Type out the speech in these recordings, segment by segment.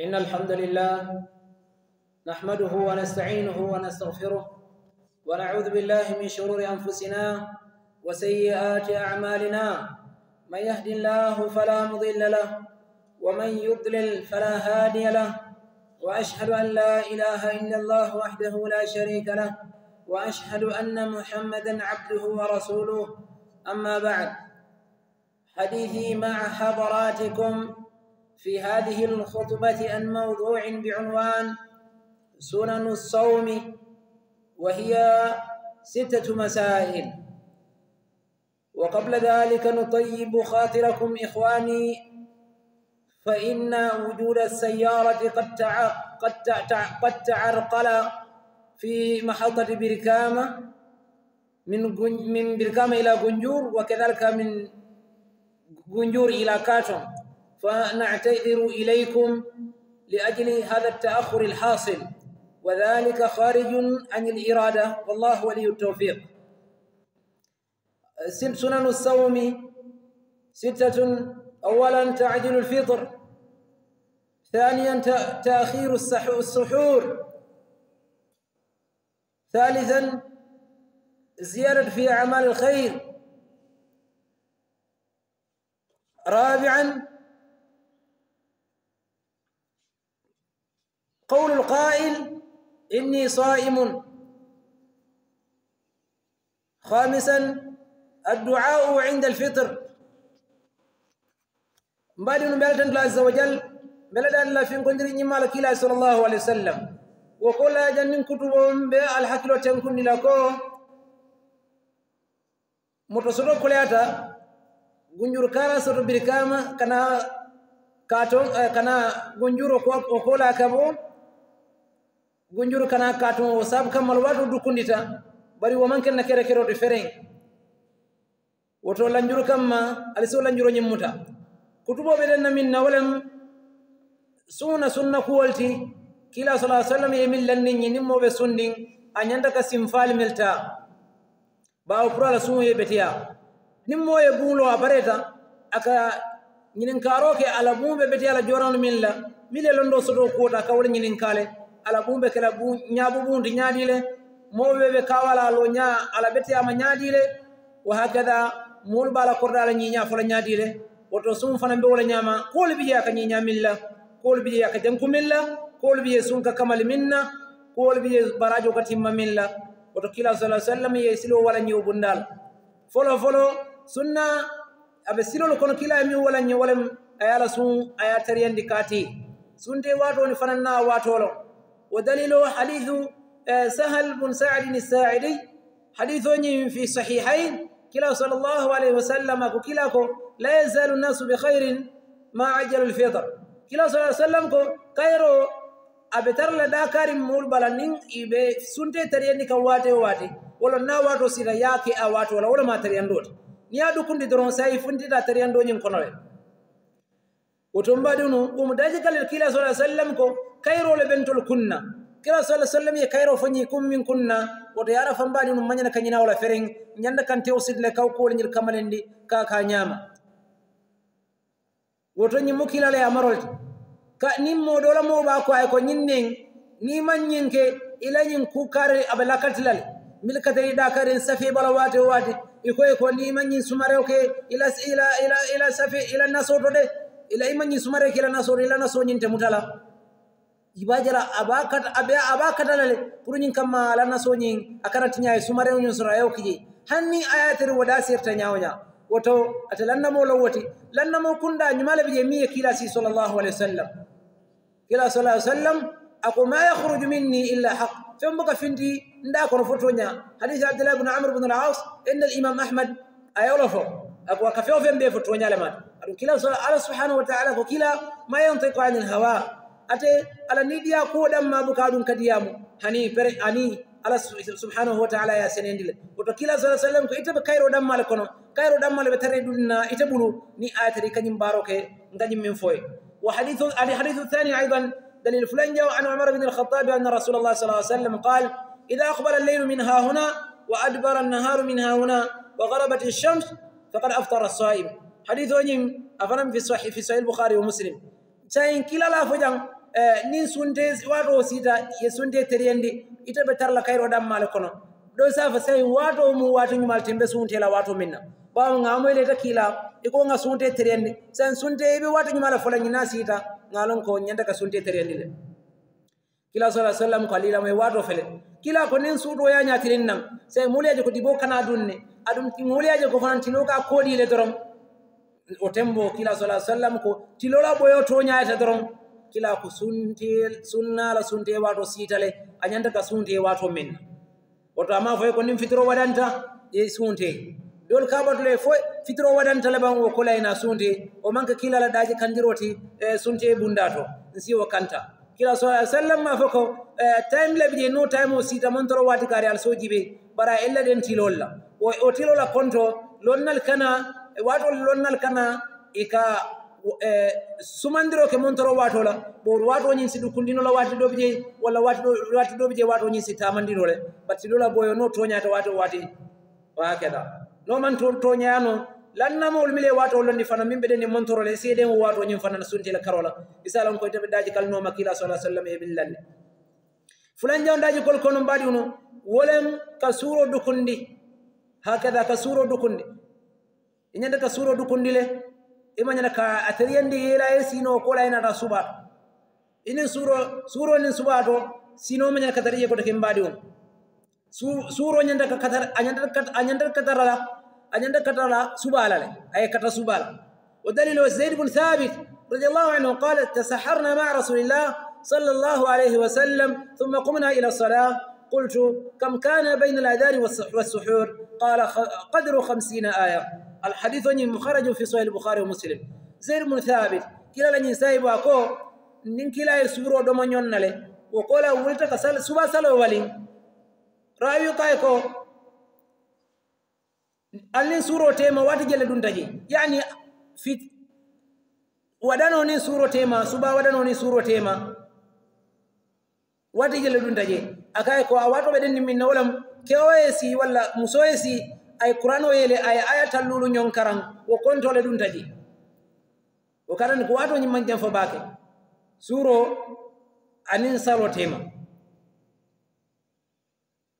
إن الحمد لله نحمده ونستعينه ونستغفره ونعوذ بالله من شرور أنفسنا وسيئات أعمالنا من يهد الله فلا مضل له ومن يضلل فلا هادي له وأشهد أن لا إله إلا الله وحده لا شريك له وأشهد أن محمدا عبده ورسوله أما بعد حديثي مع حضراتكم في هذه الخطبة عن موضوع بعنوان سنن الصوم وهي ستة مسائل وقبل ذلك نطيب خاطركم إخواني فإن وجود السيارة قد تع... قد تع... قد تعرقل في محطة بركامة من من بركامة إلى جنجور وكذلك من جنجور إلى كاتون فنعتذر إليكم لأجل هذا التأخر الحاصل وذلك خارج عن الإرادة والله ولي التوفيق سنن الصوم ستة أولا تعجل الفطر ثانيا تأخير السحور ثالثا زيادة في أعمال الخير رابعا قول القائل إني صائم خامسا الدعاء عند الفطر مبالي نبالة الله عز وجل بلد الله في قدر لك كلا صلى الله عليه وسلم وقل جن كتبهم بالحكيلو تنكن لكو متصدو كلياتا gunjur كارا سر بركام كنا كاتون كنا gunjuro ko kola gunjuru kana katum o sabu kam mala waɗo dukkundita bari woman ken na kere keroɗe feren woto lanjuru kam ma ala so lanjuro ñimmuta kutuboɓe ɗen na min nawalen suna sunna kuwolti kila sala sallam e min lanndin ñi nimmoɓe sundin a ñanda ka simfaali melta ɓawo pour ala sumoye ɓetiya nimmo ye buulo a bareta aka ñininkaroke ala muuɓe ɓeti ala jorano min la mi le londo soto kuwota ka wala ñininkaale ala ɓumɓe kala ñaɓuɓunde ñaaɗile mowɓeɓe kawalalo ña ala ɓeteyama ñaaɗile wa hakada muɗuɓala korɗala ñiña fola ñaaɗile woto sum fana mbewola ñama kohol ɓiƴeya ka ñiña milla kohol ɓiƴeya ka janku milla kohol ɓiye sunka kamal minna kohol ɓiye baradio ka timma milla woto kila sala sallam ye silo wala ñiwo bundal folo folo sunna aɓe silol kono kila e mi wala ñi wala ayala sum aya tariyandi kati sunte watoni fanana watolo ودليله حديث سهل بن سعد الساعدي حديثني في صحيحين كلا صلى الله عليه وسلم ك كلاك لا يزال الناس بخير ما عجل الفطر كلا صلى ا وسلم ك خير aɓe tarla dakari mulbala nin ɓe sunte tariyandi kam wate wate walla na wato sina yake a wato walla wolama tariyandode niya ɗukkundi doron sa funtita tariyandoñin konowe o ton mbaɗi no ɗum daji kalel kila sa sallam ko kayrole ɓentol kunna kila sa sallam ye kayro fañi kummin kunna woto yara fa mbaɗi no mañana kañinawla ferin ñanda kan tewsidle kaw kolegel kamalen ndi kaka ñama woto ñimmo kilala ya marolte ka nin moɗola moɓa ko ay ko ñinnen ni mañinke ilañin kukare aɓa lakatilal mil kadari da karin safi bala wate wate ikoy ko ni mañin sumarewke ila ila ila ila safi ila nasoto de ila imañi sumare kilana soo ilana soñinte mutala ibajala aba katalale pour ñin kamma alana soñin akanatiñaye sumareñun sora yew kiji hanni ayatere wada serta ñawoña woto ata lannamo law wati lannamo kunda ñumalabe je miye kila si salllahu alih wa sallam kila sa ah sallam ako ma yahruju minni illa haq fen boka findi nda kono fotoña hadise abdullah bne amr bne al aus inna al imam ahmad a yolofo أبو كفي أو فين بيفوت وين جالمان كلا الله سبحانه وتعالى كلا ما ينطق عن الهوى أتى على نديا كودم ما بكادون كديام هني بري هني الله سبحانه وتعالى يا سنين دل وتكلا صلى الله عليه وسلم كإنت بكير ودم مالكنا كير ودم مال بتري دلنا إنت ني آت آية ريكني مبارك نجني من فوي وحديث الحديث الثاني أيضا دليل فلان جاء عمر بن الخطاب أن رسول الله صلى الله عليه وسلم قال إذا أقبل الليل منها هنا وأدبر النهار منها هنا وغربت الشمس faqad aftara saim hadis oñim afanam fi sahih lbouxari wa muslim sain kilala fo jang nin sunte wato sita ye sunte teriyendi ita ɓe tarla kayro ɗammale kono ɗo safa sain wato mum wato ñumal timɓe suntela wato minna baw gamoyleta kiila ikoga sunte teriyendi sain sunte ɓe wato ñumala folañina sita galon ko ñandaka sunte teriyendi le kila sa sallam ko alilamo e wato fele kila ko nin suuɗoya ñatirin nan sain muleje ko diɓo kana dunne aɗum muliyaji ko fanan tinoka koɗile doron o tembo kila sala sallam ko tilola ɓoyo to ñayata doron kila ko sunte sunnala sunte wato sitale a ñandaka sunte wato menna woto amma foy ko ndin fitoro waɗanta e sunte yol kabatule fo fitoro waɗanta laban o kolayna sunte o manka kilalaɗaji kandiroti e sunte bunda to si o kanta kira sa sallam ma fo ko e, time laɓi ɗe no time o siita montoro wadi gaari alsoji ɓe mbaɗa e ella ɗen tilolla o tilola konto lonnal kana e watol lonnal kana e ka e sumandiro ke montoro watola bo watoñin si ɗu kundinola wati ɗoɓi ƴe walla wati ɗoɓi ƴe watoñin si tamandinole bat tilola boyo no toñata wato wati wakeɗa noman to toñano lannamawol mile wato lonndi fana min ɓe ɗeni e montorole seedemo wato ñin fana no suntila karola misalan koye toɓe daji kalnoma kila sa alah sallam emin lanne fulan jawdaji kolkono mbaɗi no wolen ka suuro dukundi hakada ka suuro dukundi eñande ka suuro dukundi le imañana e ka atariyandi yeela e sino kola enata suɓaato inin suuro suuro nin suɓaato sino mañana katariye kota kin mbaɗi on suuro ñandaa añandata katarala أجند كتر سبالة لي أي كتر سبالة ودليل زيد بن ثابت رضي الله عنه قال تسحرنا مع رسول الله صلى الله عليه وسلم ثم قمنا إلى الصلاة قلت كم كان بين الأذان والسحور قال قدر خمسين آية الحديث أني مخرج في صحيح البخاري ومسلم زيد بن ثابت كلا لن يسايب أكو نين كلا يسور دوما نيون نالي وقال أولتك سبا سلو ولي رأيك أكو alin suro tema wati jele dun taje yani fit wadano ni suro tema suba wadano ni suro tema wati jele dun taje akai ko awato beden ni min nawlam kewesi si walla si ay qur'ano yele ay ayata lulu nyon karan wo kontole dun taje wo karan ko wato nyi manjam fo bake suro anin saro tema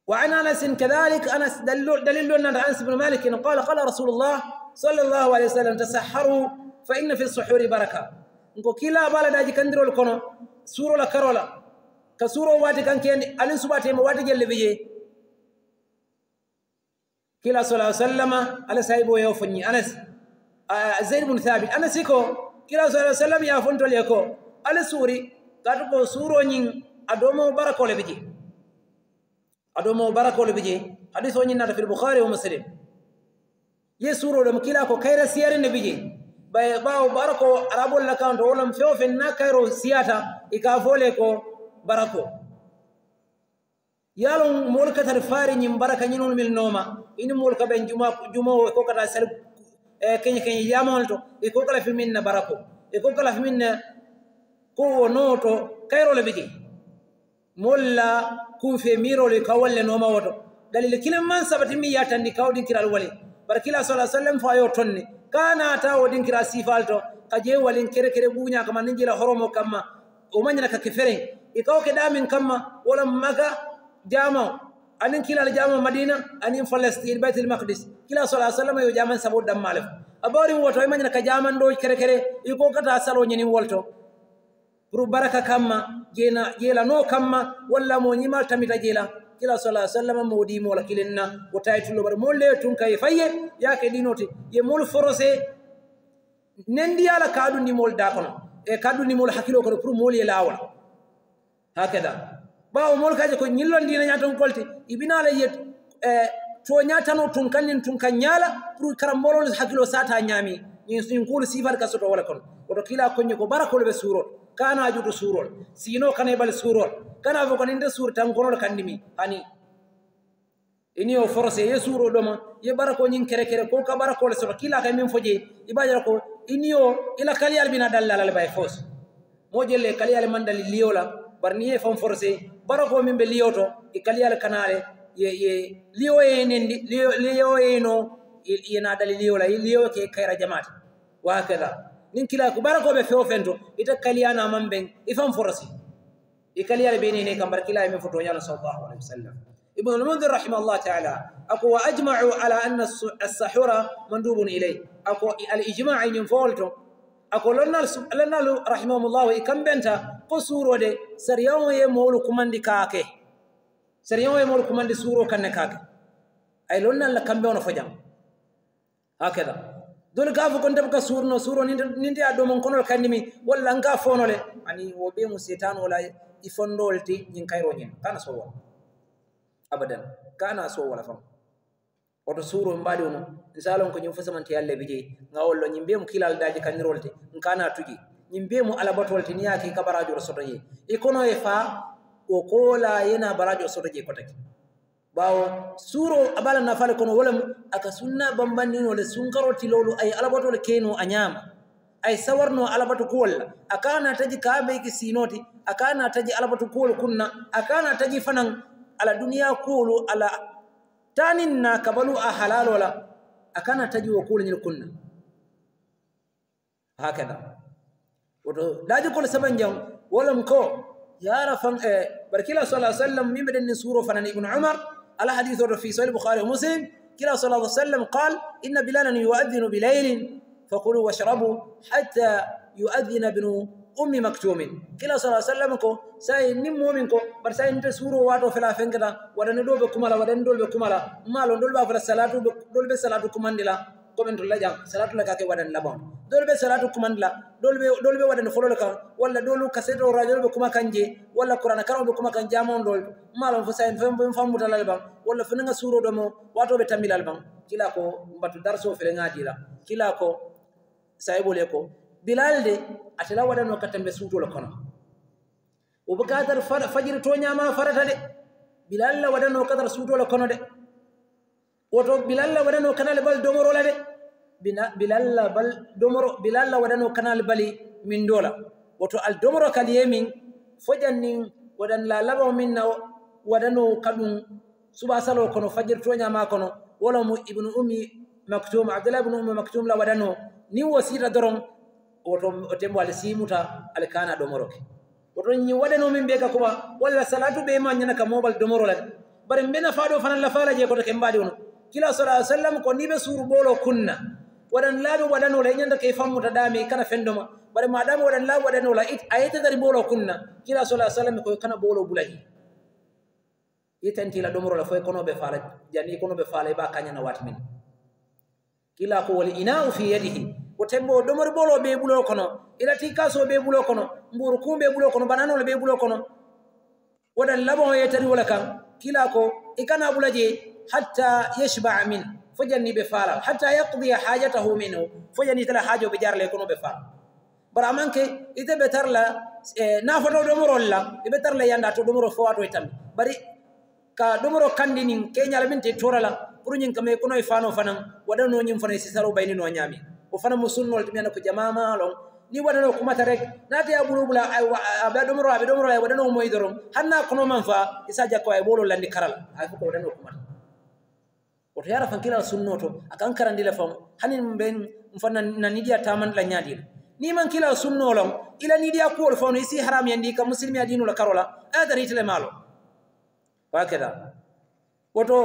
وعن انس كذلك انس دليل دليل ان انس بن مالك قال قال رسول الله صلى الله عليه وسلم تسحروا فان في السحور بركه نكو كلا بالا داجي كندرو الكونو سورو لا كارولا كسورو واتي كان كين الين سباتي ما واتي جل بيجي كلا صلى الله عليه وسلم على سايبو يوفني انس آه، زيد بن ثابت انس يكو كلا صلى الله عليه وسلم يا فنتول يكو على سوري كاتبو سورو نين ادومو بركه لبيجي aɗo mo barakole ɓe jeey hadis o ñinnata fil bouhari o muslim ye suroɗo mo kila ko kayra siyare nde ɓe jeey ɓay ɓaawo barako arabol lakanto wolam fewofen na kayro siyata e ka foole ko barako yaalon molkatar faari ñin baraka ñinol milnooma ini molka ɓen juma jumowo eh, e kokata sal e keñe keñe yamolto e kokala fi minna barako e kokala fi minna kowo nooto kayrole ɓe jeey molla kun fe miroole kaw walle nooma woto dalil e kilen man sabati min yatanndi kaw ɗinkiral wale bara kila sa sallam fo ayo tonne ka naata wo ɗinkira sifal to ka jee walin kere kere ɓuuña kama ni jila horomo kamma o mañana kake feren e kaw ke ɗamin kamma wala maga jama anin kilal jama madina anin falestine baitul makdis kila sa sallam yo jaman sabo ɗammale fo a ɓawrin woto e mañana ka jaman ɗo kere kere e ko gata saloñanin wolto rubaraka kamma jena jeelano kamma walla mo ñimal tamita jeela kila sala sallam moodi mola kilenna o taytullo mbaɗa mo le tun kaye faye yaake ɗinote ye mol forosé nendiyala kaɗundimol da kono e kaɗundimol hakkilo kono pour mol ye lawol hakeda ɓawo mol kaji ko ñillondina ñaton kolte ibinala ye e to ñatano tun kannin tun kan ñaala pour karambolol hakkilo sata ñami ñin kuulo sifat kasoto wala kono woto kila koñe ko barakolɓe suroto kanaju du surol sino kana bal surol kana fo kan inde sur tan gonol kandimi hani ini o forcé ye suro doma ye bara ko nyin kere kere ko ka bara ko le so kila ka min foje ibajara ko ini o ila kaliyal bina dalala le bay fos mo jelle kaliyal mandali liola barni ye fam forcé bara ko min be lioto e kaliyal kanale ye ye lio ye nendi lio lio ye no ye na dalili liola ye lio ke kayra jamaat wa kala nin kila ko bara ko be fewo fento ita kaliya na man ben ifan forasi e kaliya be ne ne kan bar kila mi foto yana sallallahu alaihi wasallam ibn al mundhir rahimahullah ta'ala aku wa ajma'u ala anna as-sahura mandubun ilay aku al ijma' ay nin folto aku lonna lonna rahimahullah e kan benta ko suro de sariyawo ye mawlu kumandi kake sariyawo ye mawlu kumandi suro kan ne kake ay lonna la kambe ono fajam hakeda okay, doni gaafo ko ndeɓ ka suurno suuro ni ndiya ɗo mon konol kandimi walla nga fonole ani wo ɓe mu setan wala i fonndolti ñin kayroñin kana so wala abadan kana so wala fam oto suuro mbaɗi onu insalon ko ñim fosamanti yalle bijeyi nga wollo ñim mbiyemu kilal daji kañirolte n kana tuji ñim mbiyemu ala batolte ni yaaki ka barajo o soto ƴe e kono e fa o koola yena barajo o soto ƴe ko taki bawo suro abala nafale kono wala aka sunna bambandino le sunkaro tilolu ay alabato le keno anyama ay sawarno alabato kuwalla akana taji kabe ki sinoti akana taji alabato kuwalu kunna akana taji fanan ala dunia kuwalu ala tanin na kabalu a halalo la akana taji wa kuwalu nyil kunna hakada wato daji kuwalu saban jam wala mko ya rafan eh, barakila sallallahu alaihi wasallam mimbe den ni suro fanan ibnu umar الحديث في صحيح البخاري ومسلم كلا صلى الله عليه وسلم قال إن بلالا يؤذن بليل فقلوا واشربوا حتى يؤذن ابن أم مكتوم كلا صلى الله عليه وسلم قال سين نمو منكم برسين تسوروا واتوا فلا فنكرا ولن دول بكمالا ولن دول بكمالا مالون دول بكمالا دول بكمالا gomen to laƴa salatu la kake waɗan laɓon dole ɓe salatu kumane la ɗoɗole ɓe waɗane folol kan walla ɗolu kaseto radio ɓe kuma kan je walla qourana kan oɓe kuma kan jamonɗol malon fo sain fen fammutalal ban walla fenega suroɗomo watoɓe tammilal ban kila ko mbattu darso felegadila kila ko sayiɓole ko bilal de atela waɗano kattanɓe suutol kono o ɓe kadar fajiri to ñama farata de bilal la waɗano kadar suutol kono de woto bilalla waɗano kanal bal domorola de bilalla bal domoro bilalla waɗano kanal bali min dola woto aldomoro kal yemin fojannin waɗan lalabaw min na waɗano kaɗum suba salo kono fajir toñama kono wolomo ibnu ummi maktum abdoulah ibnu ummi maktum la waɗano ni wosita doron woto tembo al simuta al kana domoroke woto waɗano min ɓe ka koma walla salatu ɓe ma ñana ka mobal domorola de bare mbe nafaɗo fanan la faalaje koto ken mbaɗi ono kila sa sallam ko niɓe suuru ɓoolo kunna waɗan laaɓe waɗanola e ñannda kay fammuta ɗaami kana fenndoma baɗa maɗama waɗan laaɓe waɗanola a yettadari ɓoolo kunna kila sa sallam koye kana ɓoolo bulahi yettantila ɗomrola fo e konoɓe faala jani e konoɓe faala ba kañana watmin kila ko wol inau fi yadihi ko tembo ɗomori ɓolo ɓe ɓulo kono ilati kaso ɓe ɓulo kono mburu kum ɓe ɓulo kono bananola ɓe ɓulo kono waɗan laɓo o yettari wola kam kila ko i kana bula je hatta yesbaa min fo janni ɓe faala hatta yakdiya hajatahu minhu fo janni tala haajo ɓe jarle kono ɓe faala bara amanke ite ɓe tarla e, nafoto domorol la ɓe tarla yanda to domoro fowato e tanɓe bari ka domoro kandinin ke ñalaminte torala pour ñin kama e kono e fano fanan waɗanoñin fana e sisalo ɓaynino ñami o fana mo sunnol tumi anda ko jamama long ni waɗano kumata rek nati a ɓurubula aɓe ɗomro aɓe ɗomro a waɗano moydorom hanna kono man fa isa jakko ay e ɓolo landi karal ay fo ko waɗano kumata woto yara fankila sunno to a kan karandila fam hani ɓe fa na niɗiya tamanɗila ñadila ni man kila sunnolam ila niɗiya kuwol fano isi haram yandi ka muslimi a dinula karola adaritele maalo wakeda woto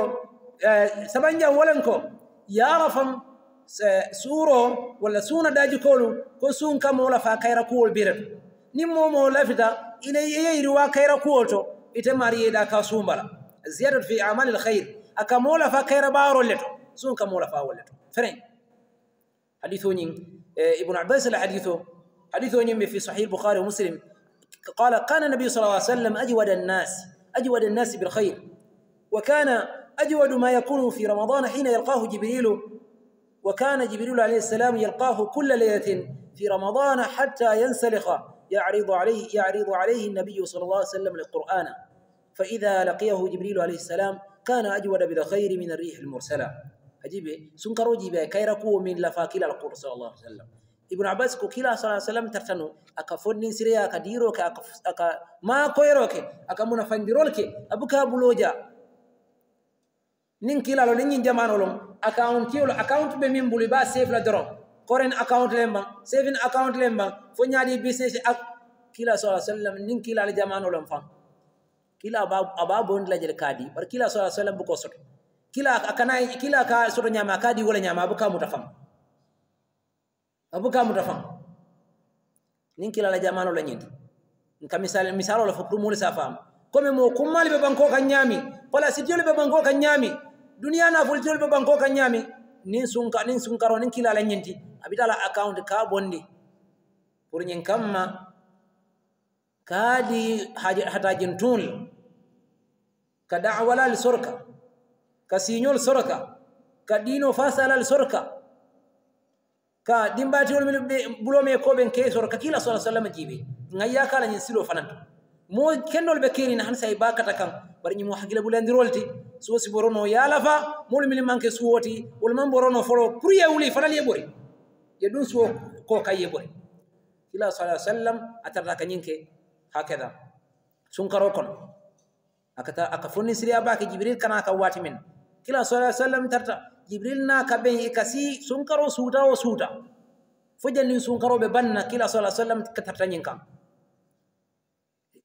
eh, sabanjam walan ko yara fam سورو ولا سونا داجي كولو كو سون كا مولا فا كايرا كول بيرن ني مو مولا فيتا ان اي اي روا كايرا كوتو ايت ماري دا كا سومبالا زياده في اعمال الخير اكا مولا فا كايرا بارو لتو سون كا مولا فا ولتو فرين حديثو نين ابن عباس الحديثو حديثو نين في صحيح البخاري ومسلم قال كان النبي صلى الله عليه وسلم اجود الناس اجود الناس بالخير وكان اجود ما يكون في رمضان حين يلقاه جبريل وكان جبريل عليه السلام يلقاه كل ليلة في رمضان حتى ينسلخ يعرض عليه يعرض عليه النبي صلى الله عليه وسلم القرآن فإذا لقيه جبريل عليه السلام كان أجود بالخير من الريح المرسلة أجيب سنكرو جيبا كيركو من لفاكيل القرآن صلى الله عليه وسلم ابن عباس كو كلا صلى الله عليه وسلم ترتنو أكا فنن سريا أكا ديروك أكا, أكا ما كويروك أكا منفندروك nin lo nin ñin jamanolo account lo account be min buli ba save la doro koren account lemba saving account lemba fo ñaadi business ak kila sallallahu alaihi wasallam nin kilalo jamanolo fam kila ba aba bond la jere kadi bar kila sala sallam bu ko soto kila akana kila ka soto nyama kadi wala nyama abuka ka abuka mutafam nin kila la jamano la nyindi nka misal misalo la le sa safam kome mo kumali be banko kanyami wala sidiole be banko kanyami duniya na fulcol ba banko kan ñaami nin sunka nin sunkaro nin kilala ñinti abitala account ka bonde pour ñin kamma kaadi hata tunl ka dawalal sorka ka sinyul sorka ka fasala fasalal sorka ka dimbatiwol min bulome ben ke sorka kila alaihi wasallam jiibe ngayya kala ñin silo fanan mo kennol ɓe kerina han sahi bakata kan waɗañi mo hakkille ɓulendi rolti soosi ɓorono yaalafa molu mili manque suwoti wala man ɓorono folo pour yewli fanal yeɓori ye ɗum suwo ko kay yeɓori ila sala sallam a tarata kañinke hakeda sunkaro kono akata aka fonni siri abake jibril kana ka waati men kila sala sallam tarta jibril naka ɓen e kasi sunkaro suuta o suuta fo jandin sunkaroɓe banna kila sala sallam ka tartañin kan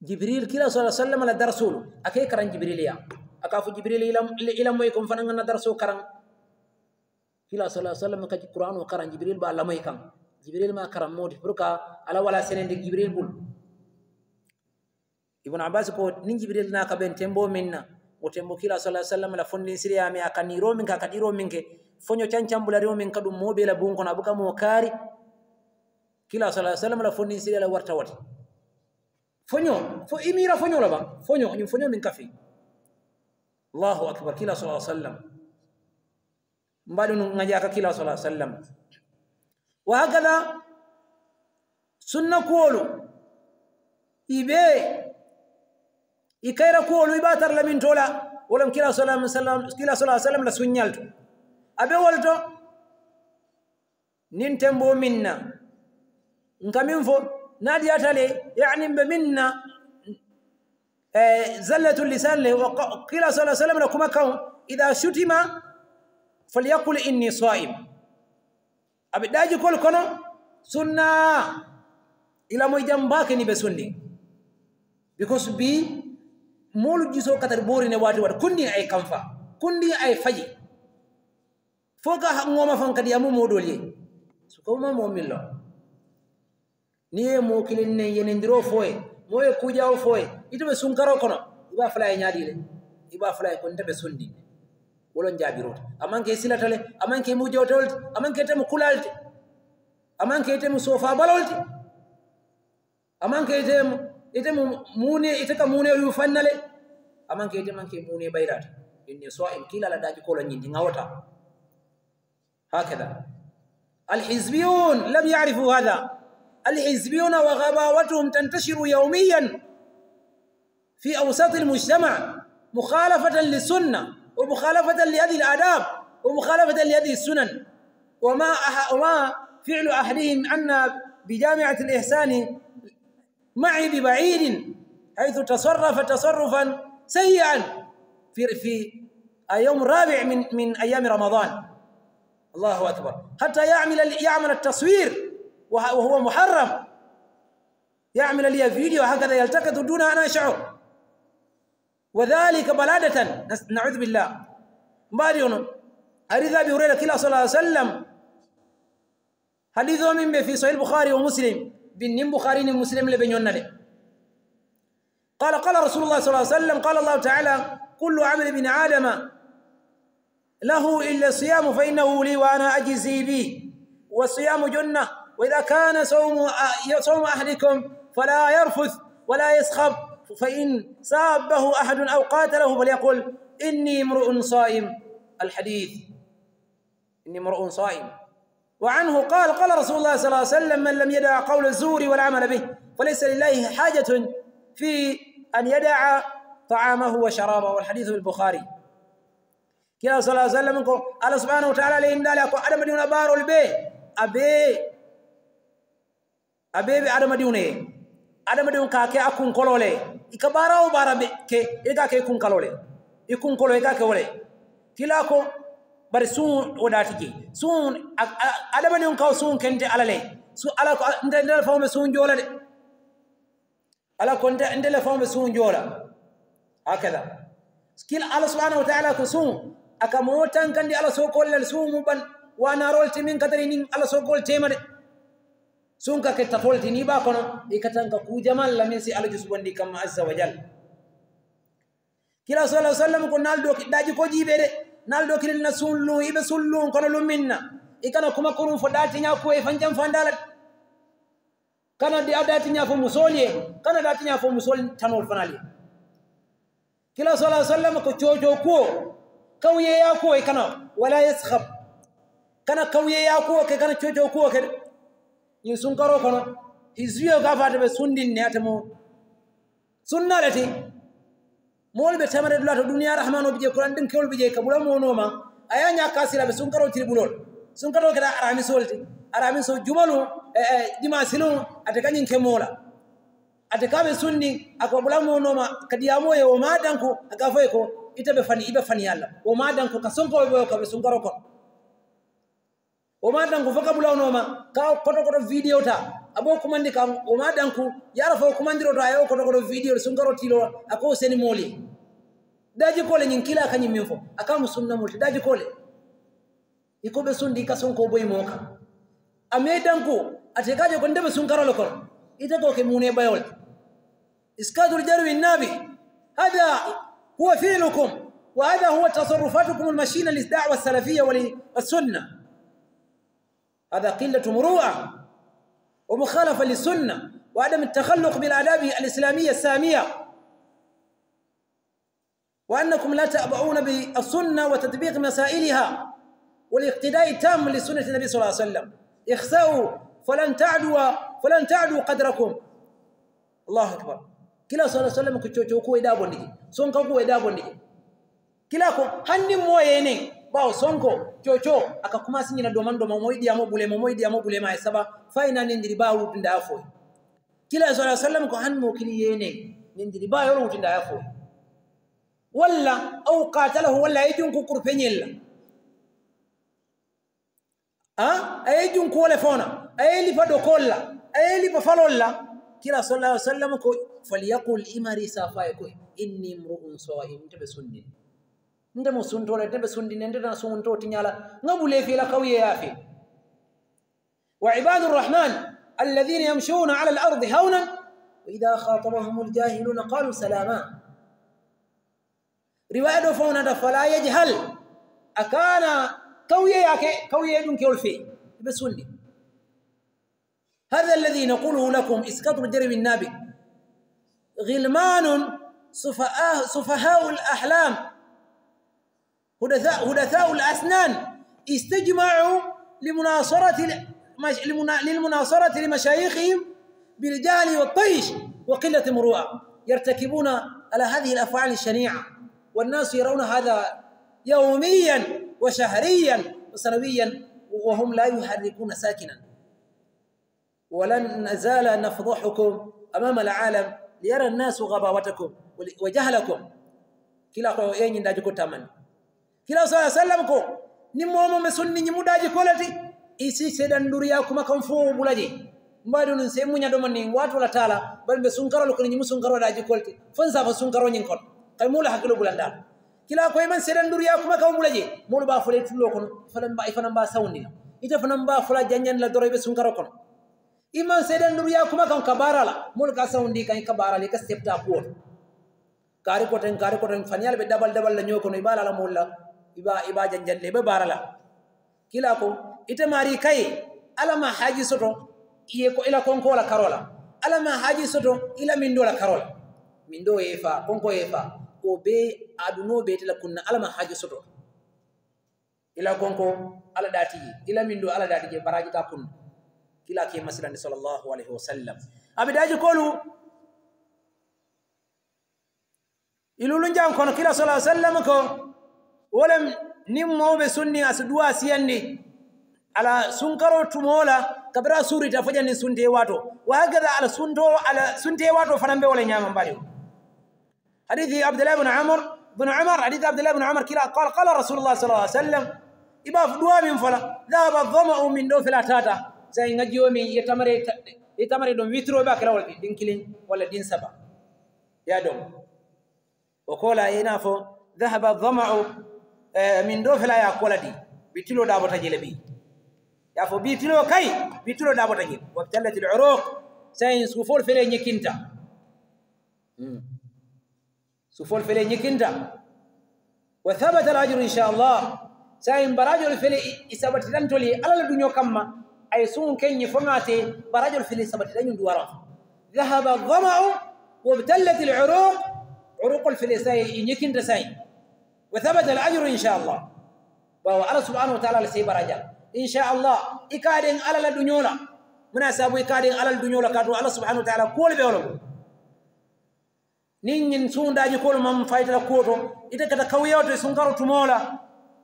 jibril kila sala sallam la darsulu ake karan jibril akafu jibril ilam ilam moy kum fananga na darso karan kila sala sallam ka qur'an karan jibril ba lamay kan jibril ma karan modi furka ala wala senen de jibril bul ibn abbas ko nin jibril na ka ben tembo minna o tembo kila sala sallam la fonni siriya mi akaniro min ka kadiro min ke fonyo chancambula rewo min kadum mobela bunko na buka mo kari kila sala sallam la fonni siriya la warta wati fonyo fo imira fonyo ba fonyo nyum fonyo min kafi allahu akbar kila sallallahu alaihi wasallam mbadu ka kila sallallahu alaihi wasallam wa hakala sunna kuolu ibe ikaira kuolu ibatar la min tola wala kila sallallahu alaihi wasallam kila sallallahu alaihi wasallam la sunnyalto abe walto nin tembo minna nkamin fo naadi yatale yani mbe minna e, zallatu lisanle kila sa sallam na kuma kan ida sutima falyakul inni saim aɓe ɗaji kol kono sunna ilamoy jam mbake ni ɓe sunni because bi molu jiso katar boori ne waati waɗa kundi ay kamfa kundi ay faji fo ka ngoma fan kadi yamu moɗol ye sukoma momin lo niye mo kilin ne yenindiro foye moye kujawo foye itoɓe sunkaro kono iba fulaye ñaɗile iba fulaye ko ntaɓe sondinne wolon jaɓirota amanke silatale amanke mujewtolte amanke temo kulalte amanke temo sofa balolte amanke temo itemo mune iteka mune yu fannale amanke ite manke mune ɓayrata inne soa en kilala daji kolañinde gawata hakada alhizbiun lam yarifu hada الحزبيون وغباوتهم تنتشر يوميا في أوساط المجتمع مخالفة للسنة ومخالفة لهذه الآداب ومخالفة لهذه السنن وما أح وما فعل أهلهم عنا بجامعة الإحسان معي ببعيد حيث تصرف تصرفا سيئا في في يوم الرابع من من أيام رمضان الله أكبر حتى يعمل يعمل التصوير وهو محرم يعمل لي فيديو هكذا يلتقط دون أن أشعر وذلك بلادة نعوذ بالله مباريون أريد أبي هريرة كلا صلى الله عليه وسلم حديث من في صحيح البخاري ومسلم بن بخاري مسلم لبن قال قال رسول الله صلى الله عليه وسلم قال الله تعالى كل عمل ابن آدم له إلا الصيام فإنه لي وأنا أجزي به والصيام جنة وإذا كان صوم صوم أحدكم فلا يرفث ولا يسخب فإن سابه أحد أو قاتله فليقل إني امرؤ صائم الحديث إني امرؤ صائم وعنه قال قال رسول الله صلى الله عليه وسلم من لم يدع قول الزور والعمل به فليس لله حاجة في أن يدع طعامه وشرابه والحديث في البخاري kila صلى الله عليه وسلم قال سبحانه وتعالى ley لا ko aɗa mbaɗi wona baarol أبي abeɓe adamadiwneye adamadiw ka ke a kunkolole ika bara wo barabe ke ega ke kunkalole i kunkolo ega ke wole kila ko bari suun wo datiki suun adamadiw kaw suun kente alale su ala ko ndele fawɓe suun jola de ala ko ndele fawɓe suun jola hakada kila allah subhanahu wa taala ko suun aka mowo tan kandi allah sokolel suun muɓan wanarol temin kadari nin allah sokol tema de sunka ke tafolti ni ba kono i katanka kujamal la min si alaju subandi kamma azza wa jal kila sala sallam ko naldo ki daji ko jibe de naldo ki na sunlu ibe sunlu kono luminna i kana kuma kuru fo dati nya ko e fanjam fandala kana di adati nya fo musoli kana dati nya fo musoli tanol fanali kila sala sallam ko chojo ko kawye ya ko e kana wala yaskhab kana kawye ya ko ke kana chojo ko ke in sun karo kano izuwa bai sun din kono hizbiyo gafata ɓe da te sunnalete bai tamar da dula ta duniya rahmanu ɓe kuran din kewol ɓe ka ka ɓula ma a yanya kasira bai sun karo tribunal sun karo keta aramisol te aramiso jumalu a e, e, dimasilu ate kañin ke a ta kaɓe sun ako a kwa kadiyamoye o ma ka diya moye wa ma danku a gafoye ko ita bai fani iɓe fani yalla wa ma danku ka sun kawai bai sun karo kano o ma danku fo kabulawnooma ka koto koto vidéo ta abo kumandi kan o ma yara fo kumandiro to ayo koto koto vidéo sunkaro tilo ako seni moli daji kole ñin kila kañum min fo akamu sunna moli daji kole iko ɓe sundi ka sonko boy mo kam ame danku ate kaje ko ndebe sunkarole kono ite ko ke mune bayol iskadul jarwi nabi hada huwa fi lukum wa hada huwa tasarrufatukum almashina lidawa alsalafiyya wasunna هذا قلة مروءة ومخالفة للسنة وعدم التخلق بالآداب الإسلامية السامية وأنكم لا تأبعون بالسنة وتطبيق مسائلها والاقتداء التام لسنة النبي صلى الله عليه وسلم اخسأوا فلن تعدوا فلن تعدوا قدركم الله أكبر كلا صلى الله عليه وسلم cocokuwa idabon dike son ka kuwa idabon dike kila ɓawo sonko coco aka kuma sinjina doman doma moyiɗiyamo ɓulema moyiɗiyamo ɓulema e saba fayna nendiri ba wutindaya foy kila sala sallam ko han mokini yene nendiri ba yoro wutindaya foy walla au katalahu walla ayi junko kurpeñella a aye junko wole fona aye lifa dokolla aye lifa falolla kila sala sallam ko falyaqul imari safa e koy inni mrun sawaim teɓe sunnini nde mu suntola ete be sundine nte na suŋunto tinyala nga bule la kawye yafe wa ibadu rrahman alladina yamshuna ala al ardi hawnan wa ida khatabahum aljahiluna qalu salama riwaya do fauna da fala yajhal akana kawye yake kawye dun kewol fe ɓe sundi هذا الذي نقوله لكم اسقاط الجرم النابئ غلمان سفهاء الأحلام حدثاء الأسنان استجمعوا لمناصرة للمناصرة لمشايخهم بالجهل والطيش وقلة المروءة يرتكبون على هذه الأفعال الشنيعة والناس يرون هذا يوميا وشهريا وسنويا وهم لا يحركون ساكنا ولن نزال نفضحكم أمام العالم ليرى الناس غباوتكم وجهلكم كلا ينجي نداجكم تمام firaw saa sallam ko ni momo me sonni ñimuɗaji kolati isi seeɗan nduriya kuma kam fo bulaje mbaɗi ɗum se muñaɗoma ni watwala tala bal ɓe sunkarol kono ñimu sunkaroɗaji kolti fon safa sunkaroñin kon kay mula hakkilo bulandal kila koye man seeɗan nduriya kuma kam bulaje molu ba fole tullo kono ifana mba sawndina ita fana mba fola jañanla doroɓe sunkaro kono iman seeɗan nduriya kuma kam ka barala molu ka sawndi kan ka barala ka septa kuwoto kari koten kari koten fanyal ɓe daɓal daɓal la ñokono i balala molu la iba janjalle be barala kila ko ite mari kaye alama haji soto iye ko ila konko wala karola alama haji soto ila mindo wala karola mindo yefa konko yefa ko be aduno be tila kunna alama haji soto ila konko ala dati ila mindo ala dati je baraji ta kunna kila ke masira ni sallallahu alaihi wasallam abidaji kolu ilulunjan kono kila sallallahu alaihi wasallam ko ولم نمو بسني أسدوا سيني على سنكرو تمولا كبرا سوري تفجن سنتي واتو وهكذا على سنتو على سنتي واتو فنبي ولا نعم باليو حديث عبد الله بن عمر بن عمر حديث عبد الله بن عمر كلا قال قال رسول الله صلى الله عليه وسلم إبا فدوا من فلا ذهب الظمأ من دو فلا تاتا زي نجيو من يتمري يتمري دون ويترو باك لا دين كلين ولا دين سبا يا دوم وقال ينافو ذهب الظمأ Eh, min do fela ya koladi bi tilo da bota jele bi ya fo bi tilo kai bi tilo da bota jele wa talati al-uruq sai su fol fele nyekinta hmm su fol fele nyekinta wa thabata al-ajru insha Allah sai barajul fele isabati dan toli alal dunyo kamma ay sun kenni fongate barajul fele isabati dan ndu wara dhahaba dhama'u wa talati al-uruq uruqul fele sai nyekinta sai وثبت الأجر إن شاء الله وهو الله سبحانه وتعالى لسيب رجال إن شاء الله إكادين على الدنيا من أسابو إكادين على الدنيا كادو الله سبحانه وتعالى كل بيولو نين سون داجي كل من فايت لكوتو إذا كتا كويوتو سنكارو تمولا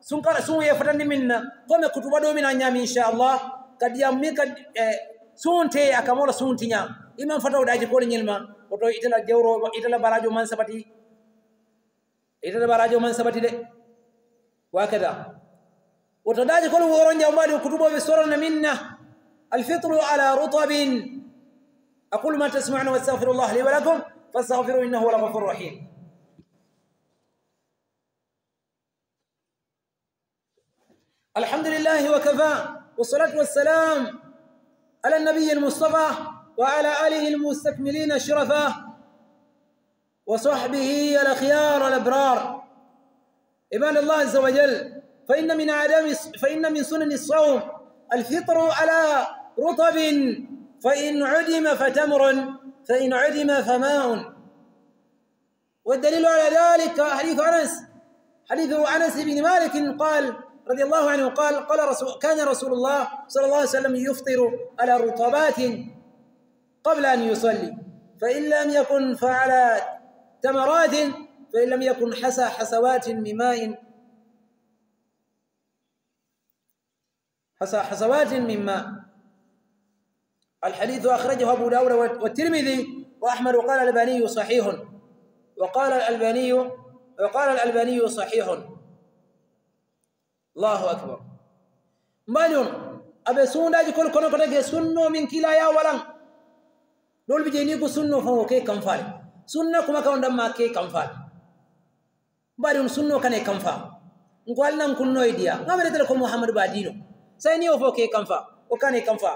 سنكارو سوية فتن منا قومي كتوبة دومنا نعم إن شاء الله قد يمي قد إيه، سونتي أكامولا تي نعم إمام فتاو داجي كل نيلما وتو إتلا جورو إتلا براجو من سبتي ita barajo man sabati de wakada watadaji kolu woronja umbali kutubo bisorana minna الفطر على رطب أقول ما تسمعون واستغفر الله لي ولكم فاستغفروا إنه هو الغفور الرحيم الحمد لله وكفى والصلاة والسلام على النبي المصطفى وعلى آله المستكملين الشرفاء وصحبه الأخيار الأبرار عباد الله عز وجل فإن من عدم فإن من سنن الصوم الفطر على رطب فإن عدم فتمر فإن عدم فماء والدليل على ذلك حديث أنس حديث أنس بن مالك قال رضي الله عنه قال قال رسول كان رسول الله صلى الله عليه وسلم يفطر على رطبات قبل أن يصلي فإن لم يكن فعلى تمرات فإن لم يكن حسى حسوات من ماء حسى حسوات من ماء الحديث أخرجه أبو داود والترمذي وأحمد وقال الألباني صحيح وقال الألباني وقال الألباني صحيح الله أكبر مالون أبي سونا جكل كنا كنا سنو من كلا يا ولن دول بيجيني كسنو فهو كي كم فارق sunna kuma kawo ndamma ke kam fa bari on sunno kane kam fa ngo al nan kunno idiya e ngamere tele ko muhammadu ba dino sai ni o fo ke kam fa o kane kam fa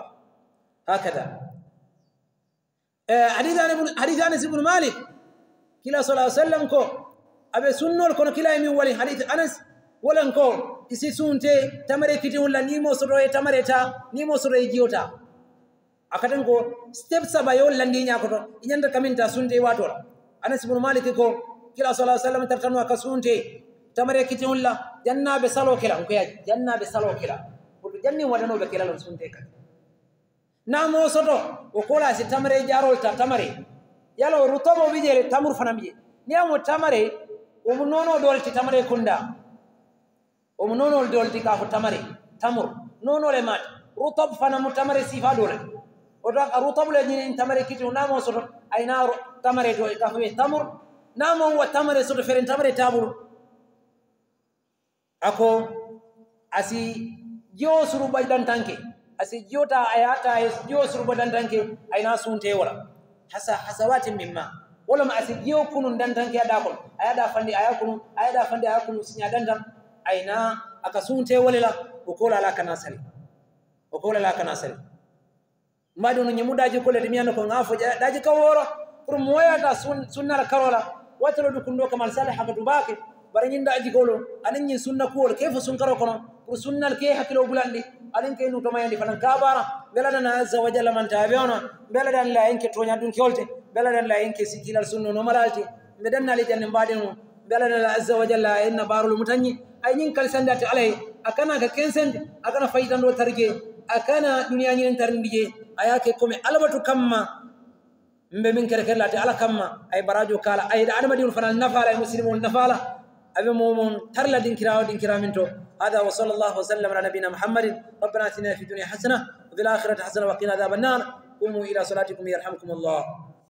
hakata eh hadith an ibn hadith an ibn malik kila sallallahu alaihi wasallam ko abe sunnol kono kila e min wali hadith anas wolan ko isi sunte tamare kiti wala ni mo soro e tamare ta ni mo soro e jiota akaten ko step saba yo landi nya ko ñakoto iñanta kaminta sunte watola anas ibn malik ko kila sallallahu alaihi wasallam tartanu aka sunte tamare janna be salo kila ko ya janna be salo kila koto janni wadano be waɗanoɓe kilalon sunte kadi namo soto ko kola si tamare jarol ta tamare yalo rutomo wijere tamur fana mije niyamo tamare omo nono dolti tamare kunda omo nonol dolti ka ko tamare tamur nono le mat rutob fana tamare sifa dole oɗon aru tamule ñini in tamare kiti namo soto ayna tamare to ka tamur namon wa tamare soto feren tamare tabulu ako asi jiwo suruba dantanke asi jiwota a yata jiwo suruba dantanke ayna sunte wala hasa hasawatin mimma wolama asi jewo kunun dantanke yaɗa kon a yaɗa fandi aya kunu a yaɗa fandi aya kunu siña dantan ayna aka sunte wolela o kola ala kana sari kola ala sari mbaɗi no ñimuɗaji kolede miyano ko ngafo ɗaji ka wooro pour moyata sunnara karola wattalo ɗu kundo kamal sale haka dubake bara ñin ɗaji kolo aɗa ñin sunna kuwol ke fo sunkaro kono pour sunnal ke hakkilo ɓulanɗi aɗen ke nutomayandi fanan kabara beladan azza wa jalla man taabe ona beladan la yenke toña ɗum kewolte beladan la yenke sikkilal sunno no maralte mbe ɗennali jande mbaɗe no beladan la azza wa jalla en na barol mu tañi ay ñin kal sande atte alaye a kana ka quinsende a kana fayitanɗo tarje a kana duniya ñinen tarndi je ayake kumi alabatu kama mbe minkere kere lati ala kama ay barajo kala ay da adama diul fanal nafala ay muslimul nafala abi mumun tarla din kirawo din kiramin to hada wa sallallahu wasallam ala nabina muhammadin rabbana atina fid dunya hasana wa fil akhirati hasana wa qina adhaban nar qumu ila